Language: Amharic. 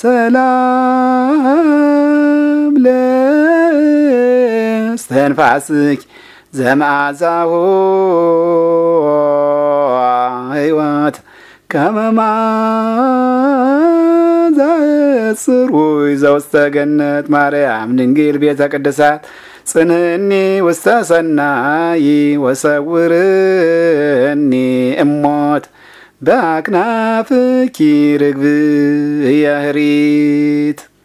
ሰላም ለስተንፋስክ ዘመዓዛሁ ሕይወት ከመማዛ ዘውስተ ገነት ማርያም ድንግል ቤተ ቅድሳት ጽንኒ ውስተ ሰናይ ወሰውርኒ እሞት በአክናፍኪ ርግብ ያህሪት